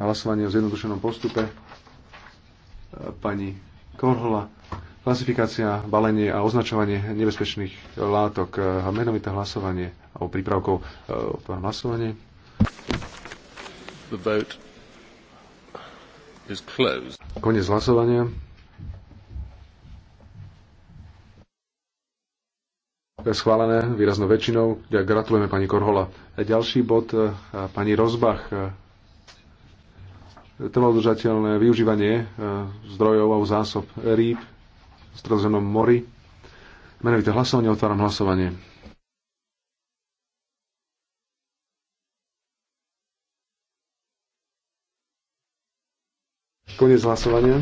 hlasovanie o zjednodušenom postupe. E, pani Korhola, klasifikácia, balenie a označovanie nebezpečných látok, e, menovité hlasovanie alebo prípravkov. E, Pán hlasovanie. The vote is closed. Konec hlasovania. Schválené výraznou väčšinou. Gratulujeme pani Korhola. Ďalší bod, pani Rozbach, trvalodržateľné využívanie e, zdrojov a zásob rýb v Stredozemnom mori. Menovité hlasovanie, otváram hlasovanie. Koniec hlasovania.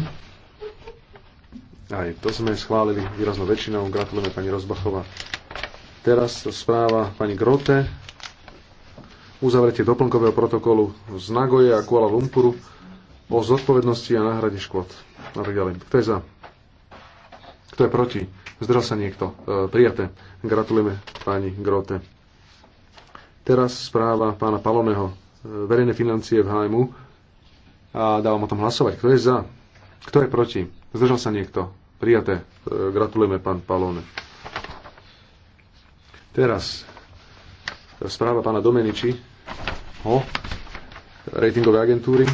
Aj to sme schválili výraznou väčšinou. Gratulujeme pani Rozbachova. Teraz správa pani Grote. Uzavretie doplnkového protokolu z Nagoje a Kuala Lumpuru o zodpovednosti a náhrade škôd. A tak ďalej. Kto je za? Kto je proti? Zdržal sa niekto. E, prijaté. Gratulujeme pani Grote. Teraz správa pána Paloného. E, verejné financie v HMU. A dávam o tom hlasovať. Kto je za? Kto je proti? Zdržal sa niekto. Prijaté. E, gratulujeme pán Palone. Teraz správa pána Domeniči o rejtingovej agentúry.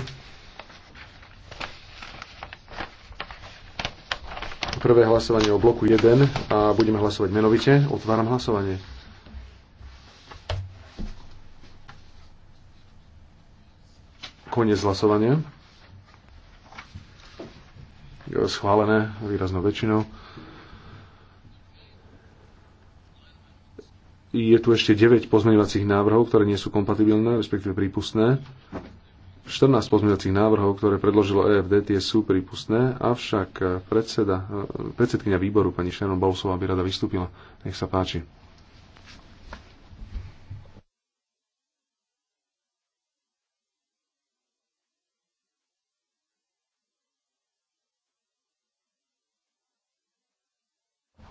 prvé hlasovanie o bloku 1 a budeme hlasovať menovite. Otváram hlasovanie. Koniec hlasovania. Je Schválené výraznou väčšinou. Je tu ešte 9 pozmeňovacích návrhov, ktoré nie sú kompatibilné, respektíve prípustné. 14 pozmeňovacích návrhov, ktoré predložilo EFD, tie sú prípustné, avšak eh, predseda, eh, predsedkynia výboru pani Šenon Bolsová by rada vystúpila. Nech sa páči.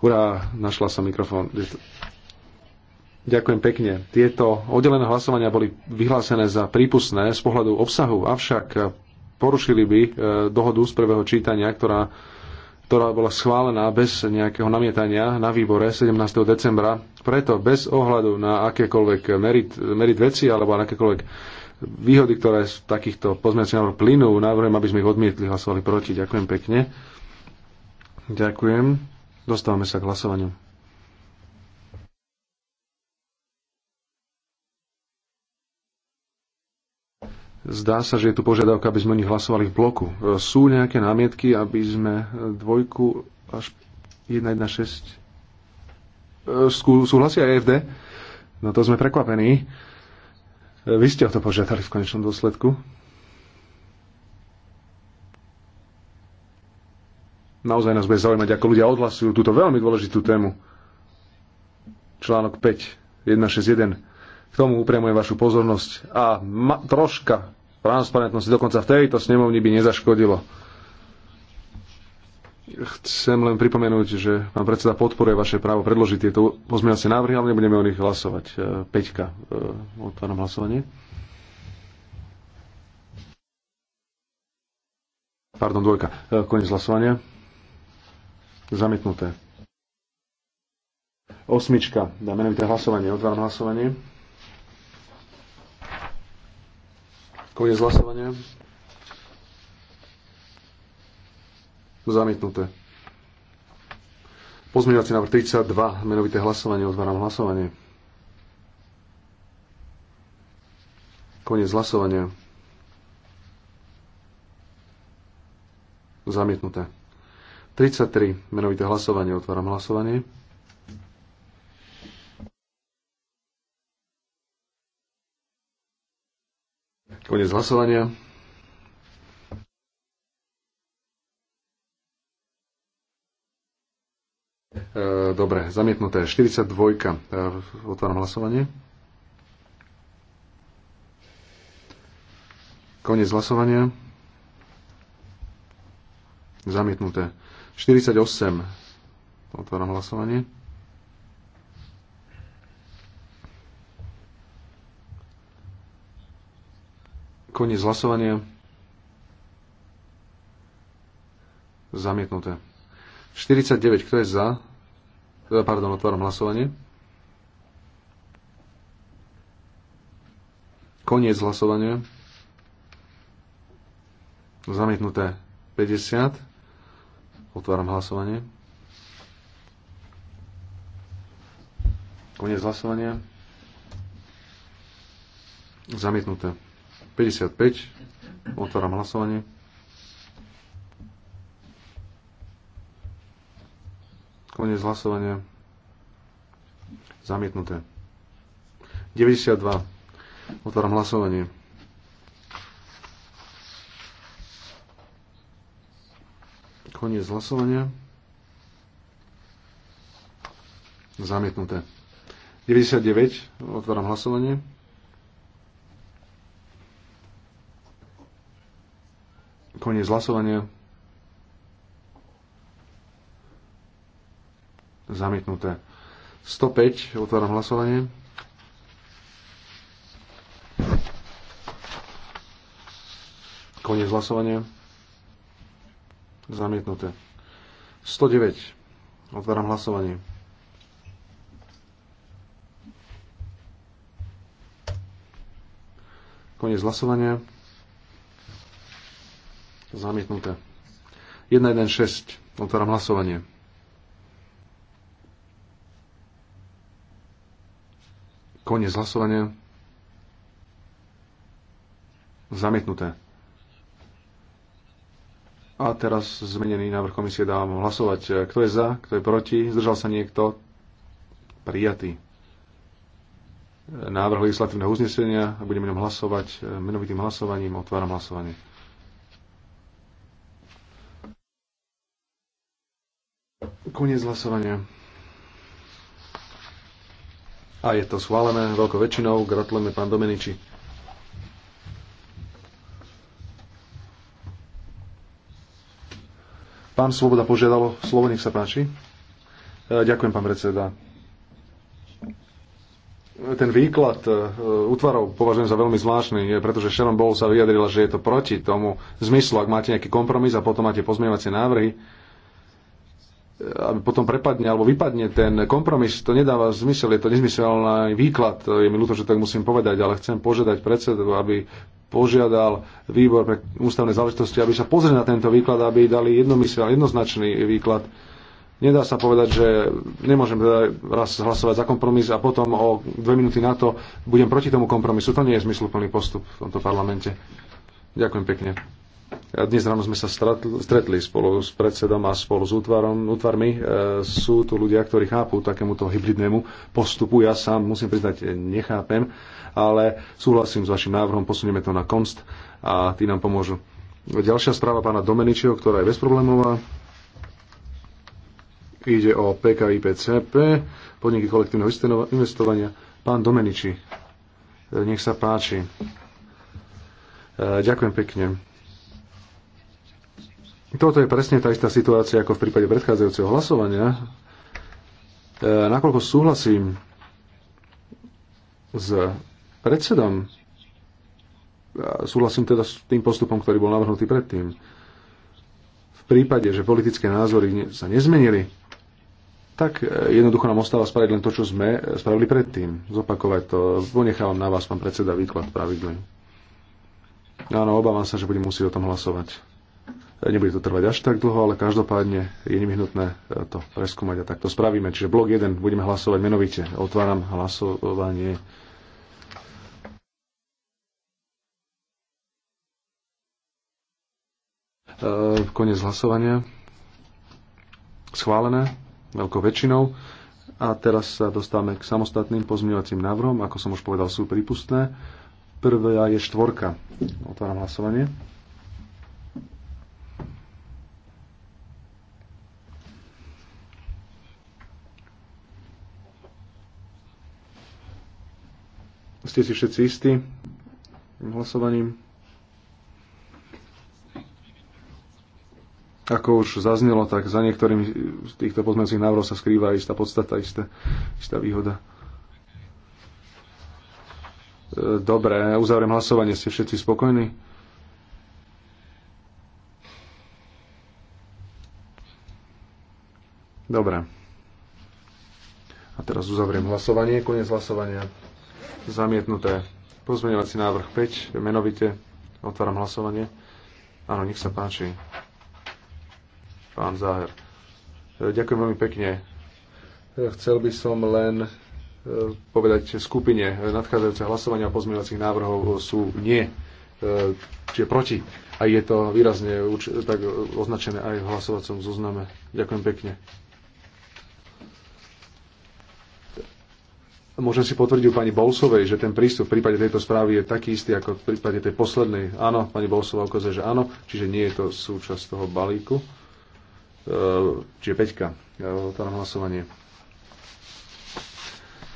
Hurá, našla sa mikrofón. Ďakujem pekne. Tieto oddelené hlasovania boli vyhlásené za prípustné z pohľadu obsahu, avšak porušili by e, dohodu z prvého čítania, ktorá, ktorá bola schválená bez nejakého namietania na výbore 17. decembra. Preto bez ohľadu na akékoľvek merit, merit veci alebo na akékoľvek výhody, ktoré z takýchto pozmeňovacích návrhov plynú, návrhujem, aby sme ich odmietli, hlasovali proti. Ďakujem pekne. Ďakujem. Dostávame sa k hlasovaniu. Zdá sa, že je tu požiadavka, aby sme o nich hlasovali v bloku. E, sú nejaké námietky, aby sme e, dvojku až 1.1.6 e, súhlasia EFD? No to sme prekvapení. Vy ste o to požiadali v konečnom dôsledku. Naozaj nás bude zaujímať, ako ľudia odhlasujú túto veľmi dôležitú tému. Článok 5, 161 k tomu upriamujem vašu pozornosť. A ma, troška transparentnosti dokonca v tejto snemovni by nezaškodilo. Chcem len pripomenúť, že pán predseda podporuje vaše právo predložiť tieto pozmeňovacie návrhy, ale nebudeme o nich hlasovať. E, Peťka, e, otváram hlasovanie. Pardon, dvojka. E, koniec hlasovania. Zamietnuté. Osmička. Dáme menovité hlasovanie. Otváram hlasovanie. Koniec hlasovania. Zamietnuté. Pozmeňovací návrh 32, menovité hlasovanie, otváram hlasovanie. Koniec hlasovania. Zamietnuté. 33, menovité hlasovanie, otváram hlasovanie. Konec hlasovania. E, dobre, zamietnuté. 42. E, otváram hlasovanie. Konec hlasovania. Zamietnuté. 48. Otváram hlasovanie. Koniec hlasovania. Zamietnuté. 49, kto je za? Teda, pardon, otváram hlasovanie. Koniec hlasovania. Zamietnuté 50. Otváram hlasovanie. Koniec hlasovania. Zamietnuté. 55. Otváram hlasovanie. Koniec hlasovania. Zamietnuté. 92. Otváram hlasovanie. Koniec hlasovania. Zamietnuté. 99. Otváram hlasovanie. Koniec hlasovania. Zamietnuté. 105. Otváram hlasovanie. Koniec hlasovania. Zamietnuté. 109. Otváram hlasovanie. Koniec hlasovania. Zamietnuté. 1.1.6. Otváram hlasovanie. Koniec hlasovania. Zamietnuté. A teraz zmenený návrh komisie dávam hlasovať. Kto je za, kto je proti, zdržal sa niekto, prijatý. Návrh legislatívneho uznesenia, budeme ňom hlasovať menovitým hlasovaním, otváram hlasovanie. Koniec hlasovania. A je to schválené veľkou väčšinou. Gratulujeme pán Domeniči. Pán Svoboda požiadalo slovo, nech sa páči. E, ďakujem, pán predseda. Ten výklad e, útvarov považujem za veľmi zvláštny, pretože Sharon Bowl sa vyjadrila, že je to proti tomu zmyslu. Ak máte nejaký kompromis a potom máte pozmievacie návrhy, aby potom prepadne alebo vypadne ten kompromis, to nedáva zmysel, je to nezmyselný výklad. Je mi ľúto, že tak musím povedať, ale chcem požiadať predsedu, aby požiadal výbor pre ústavné záležitosti, aby sa pozrel na tento výklad, aby dali jednomysel, jednoznačný výklad. Nedá sa povedať, že nemôžem teda raz hlasovať za kompromis a potom o dve minúty na to budem proti tomu kompromisu. To nie je zmysluplný postup v tomto parlamente. Ďakujem pekne. Dnes ráno sme sa stretli spolu s predsedom a spolu s útvarom, útvarmi. E, sú tu ľudia, ktorí chápu takémuto hybridnému postupu. Ja sám musím priznať, nechápem, ale súhlasím s vašim návrhom, posunieme to na konst a tí nám pomôžu. Ďalšia správa pána Domeničeho, ktorá je bezproblémová. Ide o PKIPCP, podniky kolektívneho investovania. Pán Domeniči, e, nech sa páči. E, ďakujem pekne toto je presne tá istá situácia ako v prípade predchádzajúceho hlasovania. E, nakoľko súhlasím s predsedom, e, súhlasím teda s tým postupom, ktorý bol navrhnutý predtým. V prípade, že politické názory sa nezmenili, tak e, jednoducho nám ostáva spraviť len to, čo sme e, spravili predtým. Zopakovať to. Ponechávam na vás, pán predseda, výklad pravidlen. Áno, obávam sa, že budem musieť o tom hlasovať. Nebude to trvať až tak dlho, ale každopádne je nevyhnutné to preskúmať a tak to spravíme. Čiže blok 1 budeme hlasovať menovite. Otváram hlasovanie. E, Konec hlasovania. Schválené veľkou väčšinou. A teraz sa dostávame k samostatným pozmeňovacím návrhom. Ako som už povedal, sú prípustné. Prvá je štvorka. Otváram hlasovanie. Ste si všetci istí hlasovaním? Ako už zaznelo, tak za niektorými z týchto pozmeňujúcich návrhov sa skrýva istá podstata, istá, istá výhoda. E, dobre, uzavriem hlasovanie. Ste všetci spokojní? Dobre. A teraz uzavriem hlasovanie. Koniec hlasovania. Zamietnuté. Pozmeňovací návrh 5, menovite. Otváram hlasovanie. Áno, nech sa páči. Pán Záher. E, ďakujem veľmi pekne. E, chcel by som len e, povedať skupine nadchádzajúce hlasovania a pozmeňovacích návrhov sú nie, čiže proti. A je to výrazne tak označené aj v hlasovacom zozname. Ďakujem pekne. Môžem si potvrdiť u pani Bolsovej, že ten prístup v prípade tejto správy je taký istý ako v prípade tej poslednej. Áno, pani Bolsová ukazuje, že áno, čiže nie je to súčasť toho balíku. E, čiže Peťka, e, na hlasovanie.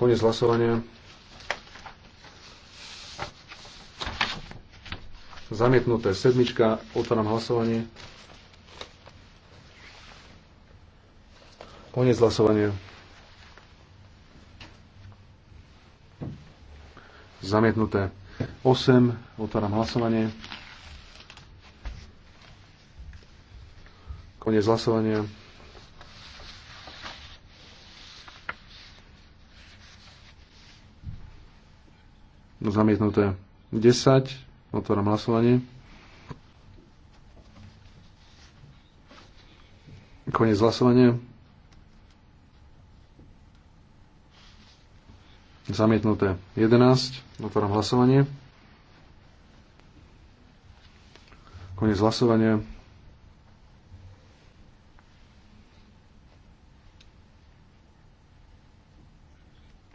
Konec hlasovania. Zamietnuté sedmička, otváram hlasovanie. Konec hlasovania. Zamietnuté 8. Otváram hlasovanie. Koniec hlasovania. No, zamietnuté 10. Otváram hlasovanie. Koniec hlasovania. Zamietnuté 11. Otváram hlasovanie. Konec hlasovania.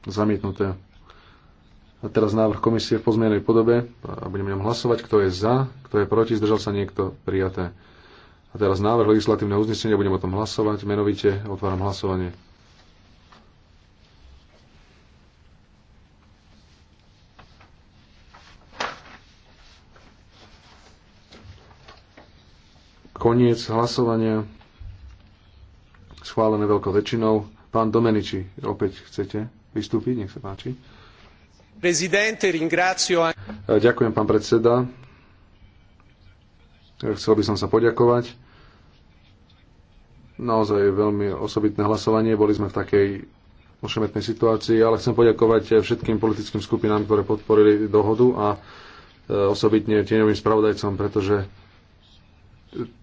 Zamietnuté. A teraz návrh komisie v pozmienej podobe a budeme ňom hlasovať, kto je za, kto je proti, zdržal sa niekto, prijaté. A teraz návrh legislatívneho uznesenia, budeme o tom hlasovať, menovite otváram hlasovanie. Koniec hlasovania. Schválené veľkou väčšinou. Pán Domeniči, opäť chcete vystúpiť? Nech sa páči. E, ďakujem, pán predseda. E, chcel by som sa poďakovať. Naozaj veľmi osobitné hlasovanie. Boli sme v takej ošemetnej situácii, ale chcem poďakovať všetkým politickým skupinám, ktoré podporili dohodu a e, osobitne tieňovým spravodajcom, pretože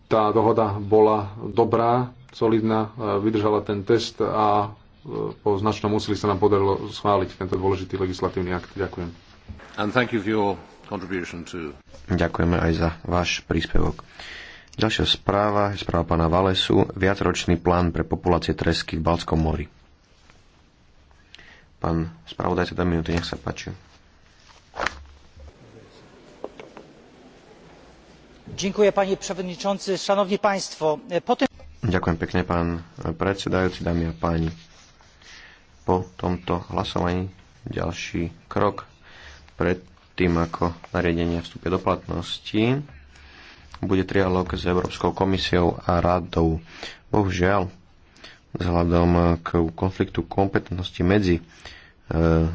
tá dohoda bola dobrá, solidná, e, vydržala ten test a e, po značnom úsilí sa nám podarilo schváliť tento dôležitý legislatívny akt. Ďakujem. And thank you for your contribution to... Ďakujeme aj za váš príspevok. Ďalšia správa je správa pána Valesu. Viacročný plán pre populácie tresky v Balskom mori. Pán spravodajca, dá minúty, nech sa páči. E, Ďakujem pekne, pán predsedajúci, dámy a páni. Po tomto hlasovaní ďalší krok pred tým, ako nariadenia vstúpia do platnosti, bude trialog s Európskou komisiou a radou. Bohužiaľ, vzhľadom k konfliktu kompetentnosti medzi e,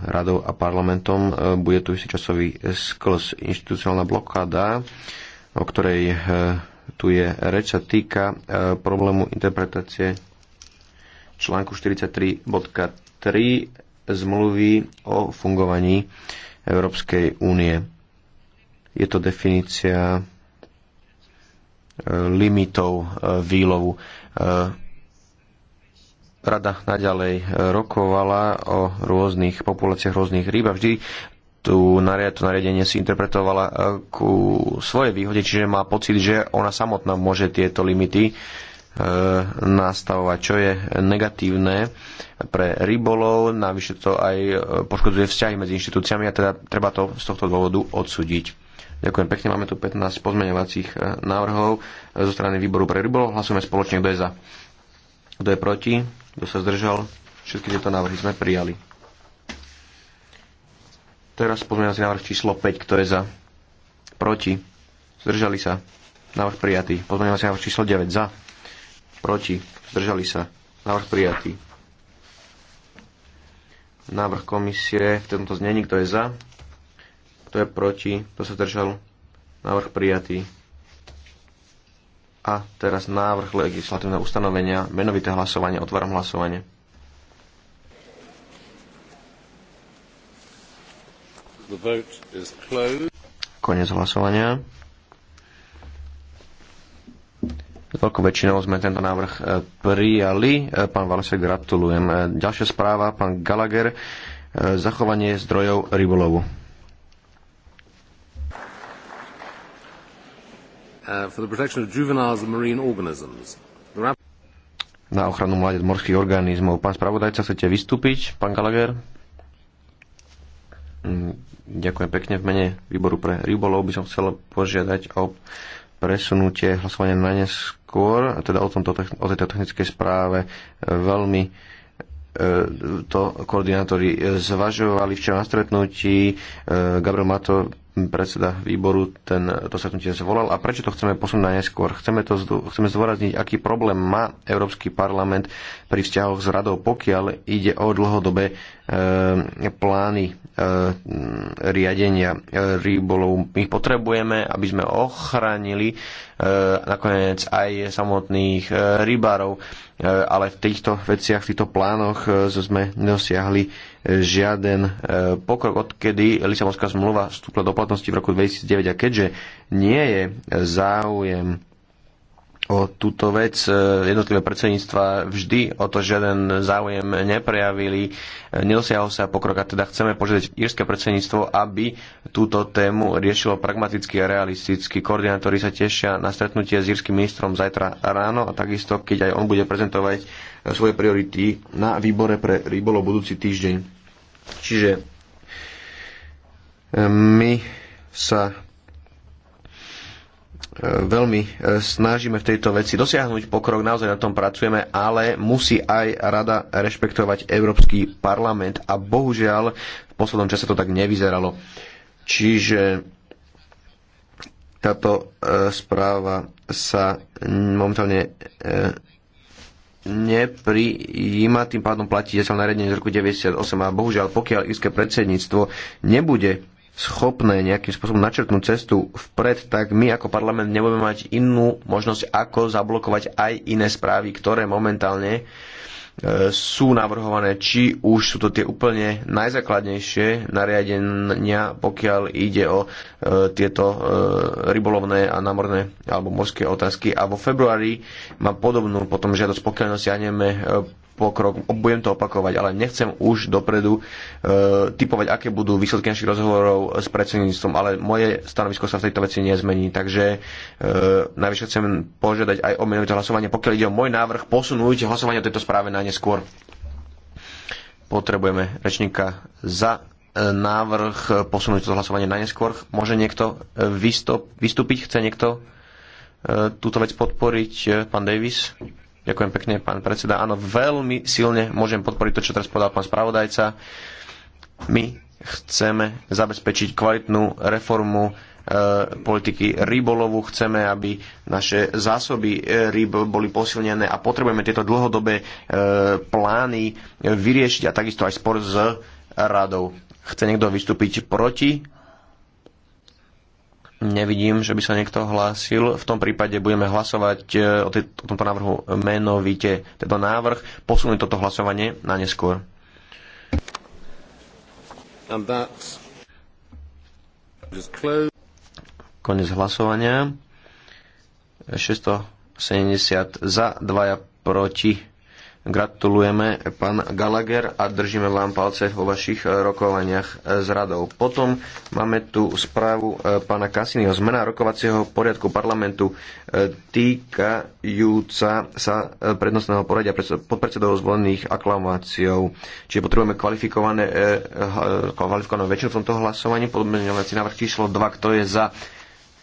radou a parlamentom e, bude tu istý časový sklz. Inštitucionálna blokáda o ktorej e, tu je reč, sa týka e, problému interpretácie článku 43.3 zmluvy o fungovaní Európskej únie. Je to definícia e, limitov výlovu. Rada naďalej rokovala o rôznych populáciách rôznych rýb a vždy tú to nariadenie si interpretovala eh, ku svojej výhode, čiže má pocit, že ona samotná môže tieto limity e, nastavovať, čo je negatívne pre rybolov, navyše to aj eh, poškodzuje vzťahy medzi inštitúciami a teda treba to z tohto dôvodu odsúdiť. Ďakujem pekne, máme tu 15 pozmeňovacích návrhov zo strany výboru pre rybolov. Hlasujeme spoločne, kto je za, kto je proti, kto sa zdržal. Všetky tieto návrhy sme prijali. Teraz si návrh číslo 5, kto je za? Proti. Zdržali sa. Návrh prijatý. si návrh číslo 9, za? Proti. Zdržali sa. Návrh prijatý. Návrh komisie v tomto znení, kto je za? Kto je proti? Kto sa zdržal? Návrh prijatý. A teraz návrh legislatívne ustanovenia, menovité hlasovanie, otváram hlasovanie. Konec hlasovania. veľkou väčšinou sme tento návrh e, prijali. E, pán Valesek, gratulujem. E, ďalšia správa, pán Gallagher, zachovanie zdrojov rybolovu. Uh, Na ochranu mladec morských organizmov. Pán spravodajca, chcete vystúpiť? Pán Gallagher? Mm, ďakujem pekne. V mene výboru pre rybolov by som chcel požiadať o presunutie hlasovania na neskôr, teda o, tomto, o tejto technickej správe veľmi e, to koordinátori zvažovali včera na stretnutí. E, Gabriel Mato, predseda výboru, ten, to stretnutie zvolal. A prečo to chceme posunúť na neskôr? Chceme, to, chceme zdôrazniť, aký problém má Európsky parlament pri vzťahoch s radou, pokiaľ ide o dlhodobé E, plány e, riadenia e, rybolov. My potrebujeme, aby sme ochránili nakoniec aj samotných rybárov, ale v týchto veciach, v týchto plánoch sme nedosiahli žiaden pokrok, odkedy Lisabonská zmluva vstúpla do platnosti v roku 2009 a keďže nie je záujem o túto vec. E, jednotlivé predsedníctva vždy o to žiaden záujem neprejavili, e, nedosiahol sa pokrok a teda chceme požiadať írske predsedníctvo, aby túto tému riešilo pragmaticky a realisticky. Koordinátori sa tešia na stretnutie s írskym ministrom zajtra ráno a takisto, keď aj on bude prezentovať e, svoje priority na výbore pre rybolov budúci týždeň. Čiže my sa E, veľmi e, snažíme v tejto veci dosiahnuť pokrok, naozaj na tom pracujeme, ale musí aj rada rešpektovať Európsky parlament a bohužiaľ v poslednom čase to tak nevyzeralo. Čiže táto e, správa sa momentálne neprijíma, tým pádom platí zatiaľ nariadenie z roku 98 a bohužiaľ pokiaľ írske predsedníctvo nebude schopné nejakým spôsobom načrtnúť cestu vpred, tak my ako parlament nebudeme mať inú možnosť, ako zablokovať aj iné správy, ktoré momentálne e, sú navrhované, či už sú to tie úplne najzákladnejšie nariadenia, pokiaľ ide o e, tieto e, rybolovné a námorné alebo morské otázky. A vo februári má podobnú potom žiadosť, pokiaľ dosiahneme e, pokrok, budem to opakovať, ale nechcem už dopredu e, typovať, aké budú výsledky našich rozhovorov s predsedníctvom, ale moje stanovisko sa v tejto veci nezmení. Takže e, najvyššie chcem požiadať aj o menovité hlasovanie, pokiaľ ide o môj návrh posunúť hlasovanie o tejto správe na neskôr. Potrebujeme rečníka za e, návrh posunúť to hlasovanie na neskôr. Môže niekto e, vystup, vystúpiť? Chce niekto e, túto vec podporiť? Pán Davis? Ďakujem pekne, pán predseda. Áno, veľmi silne môžem podporiť to, čo teraz povedal pán spravodajca. My chceme zabezpečiť kvalitnú reformu e, politiky rybolovu. Chceme, aby naše zásoby e, ryb boli posilnené a potrebujeme tieto dlhodobé e, plány vyriešiť a takisto aj spor s radou. Chce niekto vystúpiť proti Nevidím, že by sa niekto hlásil. V tom prípade budeme hlasovať e, o, tej, o tomto návrhu menovite. Tento návrh posunúť toto hlasovanie na neskôr. Konec hlasovania. 670 za, 2 proti. Gratulujeme, pán Gallagher, a držíme vám palce vo vašich e, rokovaniach e, s radou. Potom máme tu správu e, pána Kasinyho. Zmena rokovacieho poriadku parlamentu týkajúca sa prednostného poradia podpredsedov zvolených aklamáciou. Čiže potrebujeme kvalifikované, kvalifikovanú väčšinu v tomto hlasovaní. Podmenovací návrh číslo 2. Kto je za?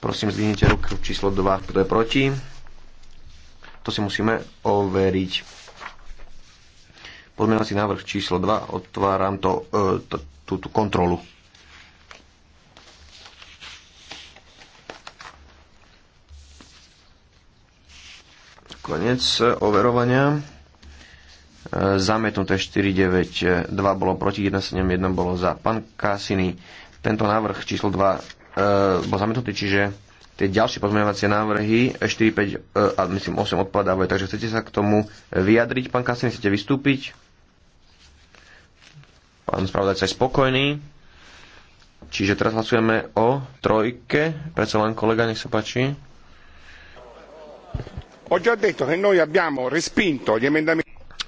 Prosím, zdvihnite ruku číslo 2. Kto je proti? To si musíme overiť. Pozmeňovací návrh číslo 2. Otváram to, e, túto kontrolu. Konec e, overovania. E, Zametnuté 2 bolo proti, 1 1 bolo za. Pán Kasiny, tento návrh číslo 2 bol zametnutý, čiže tie ďalšie pozmeňovacie návrhy 4, 5 a myslím 8 odpadávajú. Takže chcete sa k tomu vyjadriť, pán Kasiny, chcete vystúpiť? Pán spravodajca je spokojný. Čiže teraz hlasujeme o trojke. Predsa len kolega, nech sa páči.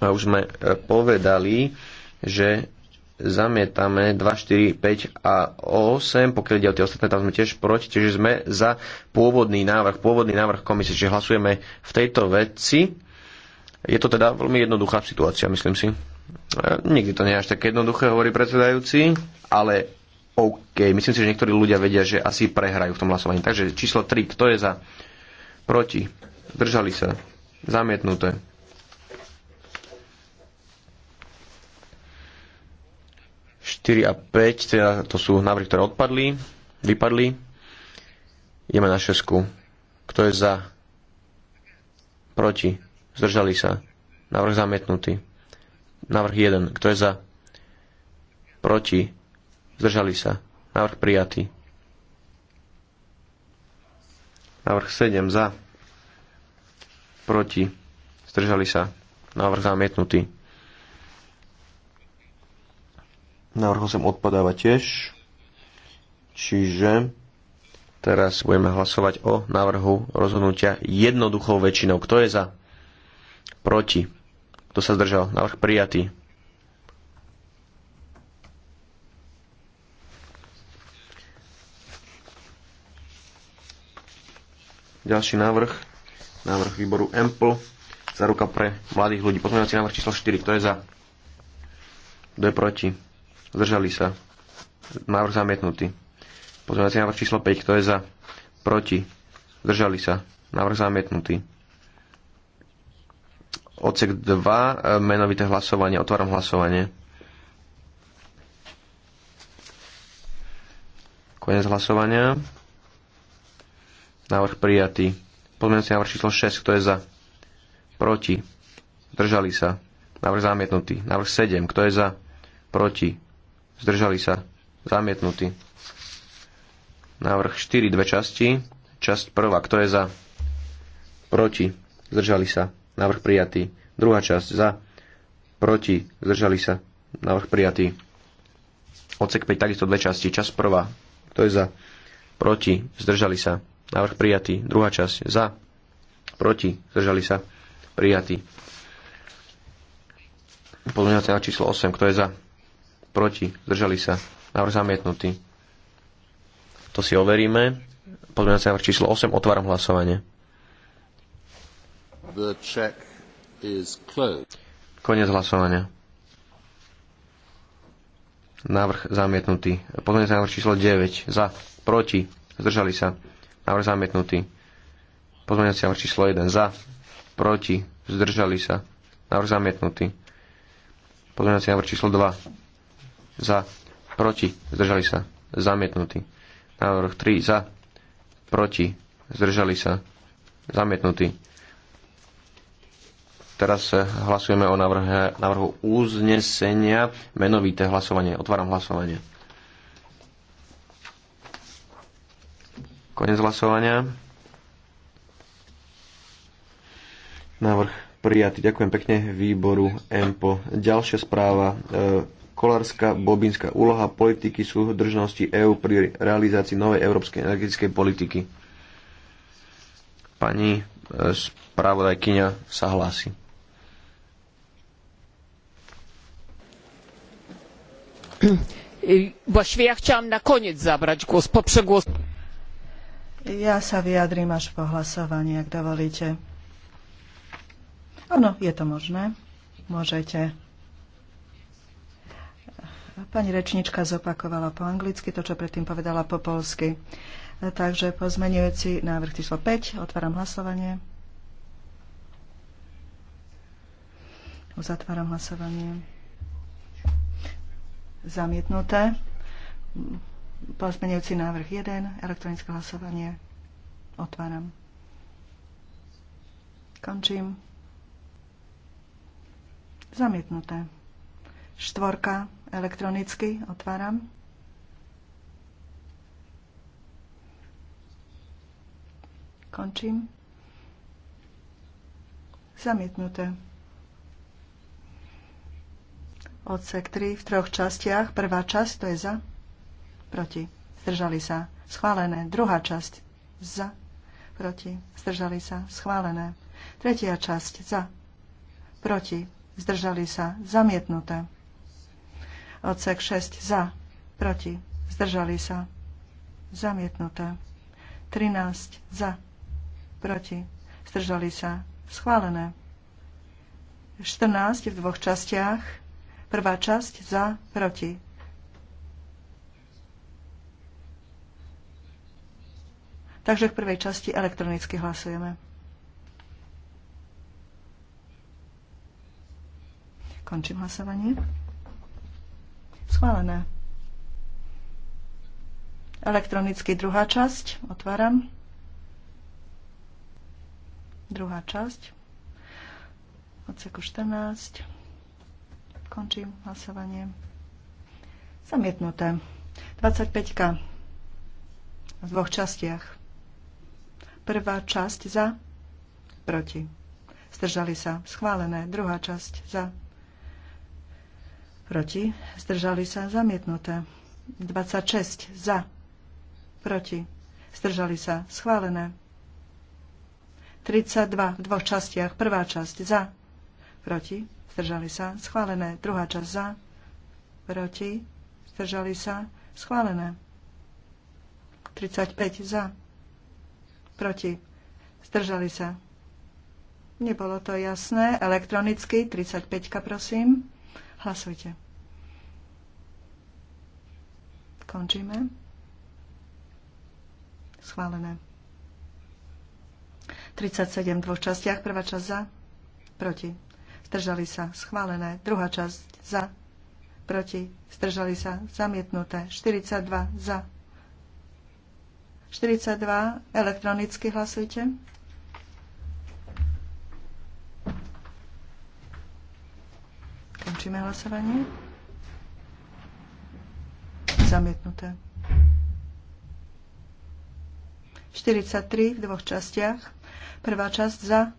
Už sme e, povedali, že zamietame 2, 4, 5 a 8. Pokiaľ ide o tie ostatné, tam sme tiež proti, čiže sme za pôvodný návrh, pôvodný návrh komisie, čiže hlasujeme v tejto veci. Je to teda veľmi jednoduchá situácia, myslím si. E, nikdy to nie je až také jednoduché, hovorí predsedajúci, ale OK. Myslím si, že niektorí ľudia vedia, že asi prehrajú v tom hlasovaní. Takže číslo 3, kto je za? Proti. Držali sa. Zamietnuté. Štyri a 5, teda to sú návrhy, ktoré odpadli, vypadli. Ideme na šesku. Kto je za? Proti. Zdržali sa. Návrh zamietnutý. Návrh 1. Kto je za? Proti? Zdržali sa. Návrh prijatý. Návrh 7. Za? Proti? Zdržali sa. Návrh zamietnutý. Návrh 8 odpadáva tiež. Čiže teraz budeme hlasovať o návrhu rozhodnutia jednoduchou väčšinou. Kto je za? Proti. Kto sa zdržal? Návrh prijatý. Ďalší návrh. Návrh výboru EMPL. Záruka pre mladých ľudí. Pozmeňovací návrh číslo 4. Kto je za? Kto je proti? Zdržali sa. Návrh zamietnutý. Pozmeňovací návrh číslo 5. Kto je za? Proti? Zdržali sa. Návrh zamietnutý. Odsek 2, e, menovité hlasovanie. Otváram hlasovanie. Konec hlasovania. Návrh prijatý. Pozmeňujúci návrh číslo 6. Kto je za? Proti. Zdržali sa. Návrh zamietnutý. Návrh 7. Kto je za? Proti. Zdržali sa. Zamietnutý. Návrh 4. Dve časti. Časť prvá. Kto je za? Proti. Zdržali sa. Návrh prijatý. Druhá časť za. Proti. Zdržali sa. Návrh prijatý. Odsek 5. Takisto dve časti. Čas prvá. Kto je za? Proti. Zdržali sa. Návrh prijatý. Druhá časť. Za. Proti. Zdržali sa. Prijatý. Pozmeňovací na číslo 8. Kto je za? Proti. Zdržali sa. Návrh zamietnutý. To si overíme. Pozmeňovací na číslo 8. Otváram hlasovanie. The check is closed. Konec hlasovania. Návrh zamietnutý. Pozmeňujúci návrh číslo 9. Za. Proti. Zdržali sa. Návrh zamietnutý. Pozmeňujúci návrh číslo 1. Za. Proti. Zdržali sa. Návrh zamietnutý. Pozmeňujúci návrh číslo 2. Za. Proti. Zdržali sa. Zamietnutý. Návrh 3. Za. Proti. Zdržali sa. Zamietnutý Teraz eh, hlasujeme o návrhe, návrhu uznesenia. Menovité hlasovanie. Otváram hlasovanie. Konec hlasovania. Návrh prijatý. Ďakujem pekne výboru EMPO. Ďalšia správa. Eh, Kolárska bobinská úloha politiky súdržnosti EÚ pri realizácii novej európskej energetickej politiky. Pani eh, spravodajkyňa sa hlási. ja chciałam na koniec zabrać głos po Ja sa vyjadrím až po hlasovaní, ak dovolíte. Áno, je to možné. Môžete. Pani rečnička zopakovala po anglicky to, čo predtým povedala po polsky. Takže pozmenujúci návrh číslo 5. Otváram hlasovanie. Uzatváram hlasovanie. Zamietnuté. Pozmeňujúci návrh 1. Elektronické hlasovanie. Otváram. Končím. Zamietnuté. Štvorka elektronicky otváram. Končím. Zamietnuté. Odsek 3 v troch častiach. Prvá časť, to je za, proti, zdržali sa, schválené. Druhá časť, za, proti, zdržali sa, schválené. Tretia časť, za, proti, zdržali sa, zamietnuté. Odsek 6, za, proti, zdržali sa, zamietnuté. 13, za, proti, zdržali sa, schválené. 14 v dvoch častiach, Prvá časť za, proti. Takže v prvej časti elektronicky hlasujeme. Končím hlasovanie. Schválené. Elektronicky druhá časť. Otváram. Druhá časť. Odseku 14. Končím hlasovanie. Zamietnuté. 25. V dvoch častiach. Prvá časť za, proti. Zdržali sa. Schválené. Druhá časť za, proti. Zdržali sa. Zamietnuté. 26. Za, proti. Zdržali sa. Schválené. 32. V dvoch častiach. Prvá časť za, proti, zdržali sa, schválené. Druhá časť za, proti, zdržali sa, schválené. 35 za, proti, zdržali sa. Nebolo to jasné. Elektronicky 35, prosím. Hlasujte. Končíme. Schválené. 37 v dvoch častiach. Prvá časť za, proti zdržali sa, schválené. Druhá časť za, proti, zdržali sa, zamietnuté. 42 za. 42 elektronicky hlasujte. Končíme hlasovanie. Zamietnuté. 43 v dvoch častiach. Prvá časť za,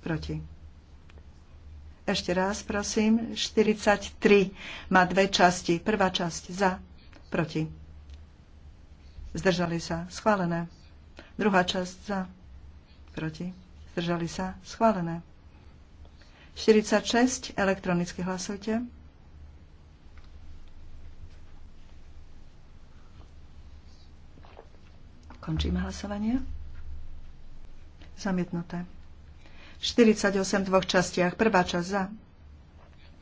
proti ešte raz, prosím. 43 má dve časti. Prvá časť za, proti. Zdržali sa. Schválené. Druhá časť za, proti. Zdržali sa. Schválené. 46. Elektronicky hlasujte. Končím hlasovanie. Zamietnuté. 48 v dvoch častiach. Prvá časť za.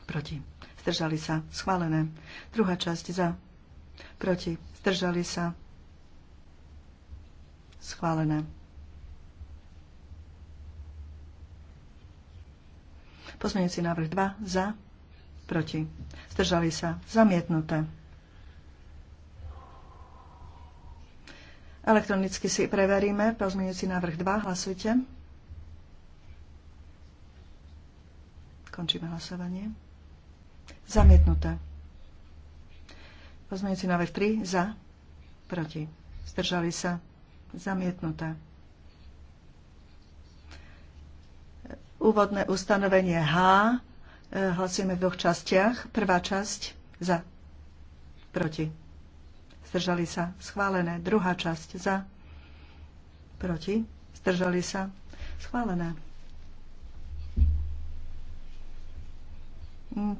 Proti. Zdržali sa. Schválené. Druhá časť za. Proti. Zdržali sa. Schválené. Pozmeňujúci návrh 2. Za. Proti. Zdržali sa. Zamietnuté. Elektronicky si preveríme. Pozmeňujúci návrh 2. Hlasujte. Končíme hlasovanie. Zamietnuté. Pozmeňujúci návrh 3. Za. Proti. Zdržali sa. Zamietnuté. Úvodné ustanovenie H. E, hlasujeme v dvoch častiach. Prvá časť. Za. Proti. Zdržali sa. Schválené. Druhá časť. Za. Proti. Zdržali sa. Schválené.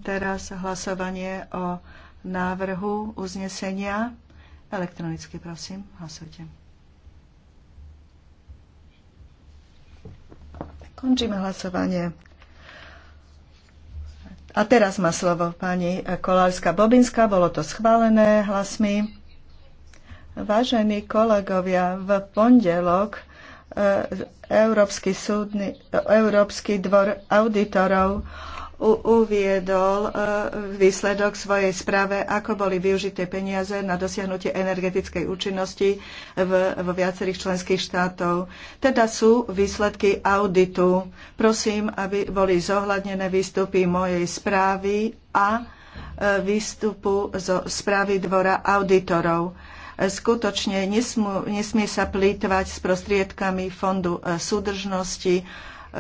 Teraz hlasovanie o návrhu uznesenia. Elektronicky, prosím, hlasujte. Končíme hlasovanie. A teraz má slovo pani Kolárska-Bobinská. Bolo to schválené hlasmi. Vážení kolegovia, v pondelok e, Európsky, súdny, Európsky dvor auditorov uviedol e, výsledok svojej správe, ako boli využité peniaze na dosiahnutie energetickej účinnosti vo viacerých členských štátov. Teda sú výsledky auditu. Prosím, aby boli zohľadnené výstupy mojej správy a e, výstupu zo správy Dvora auditorov e, skutočne nesmú, nesmie sa plýtvať s prostriedkami Fondu súdržnosti E,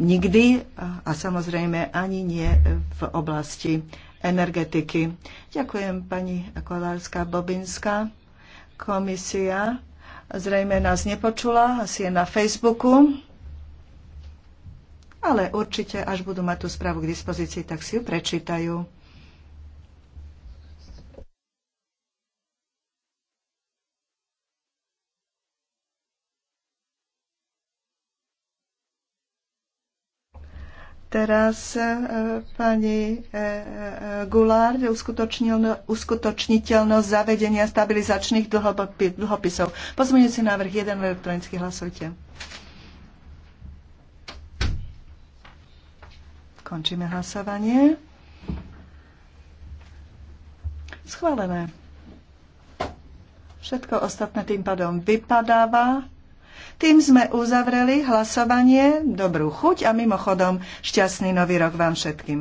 nikdy a samozrejme ani nie v oblasti energetiky. Ďakujem pani Kolárska Bobinská. Komisia zrejme nás nepočula, asi je na Facebooku. Ale určite, až budú mať tú správu k dispozícii, tak si ju prečítajú. Teraz e, pani e, e, Goulard uskutočniteľnosť zavedenia stabilizačných dlhopisov. Pozmeňujúci návrh 1 elektronicky hlasujte. Končíme hlasovanie. Schválené. Všetko ostatné tým pádom vypadáva. Tým sme uzavreli hlasovanie. Dobrú chuť a mimochodom šťastný nový rok vám všetkým.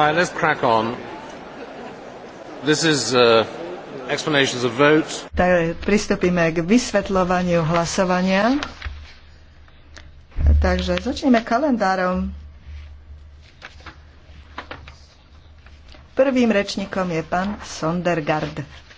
Right, let's crack on. This is uh, explanations of vote. Tak pristúpime k vysvetľovaniu hlasovania. Takže začneme kalendárom. Prvým rečníkom je pán Sondergaard.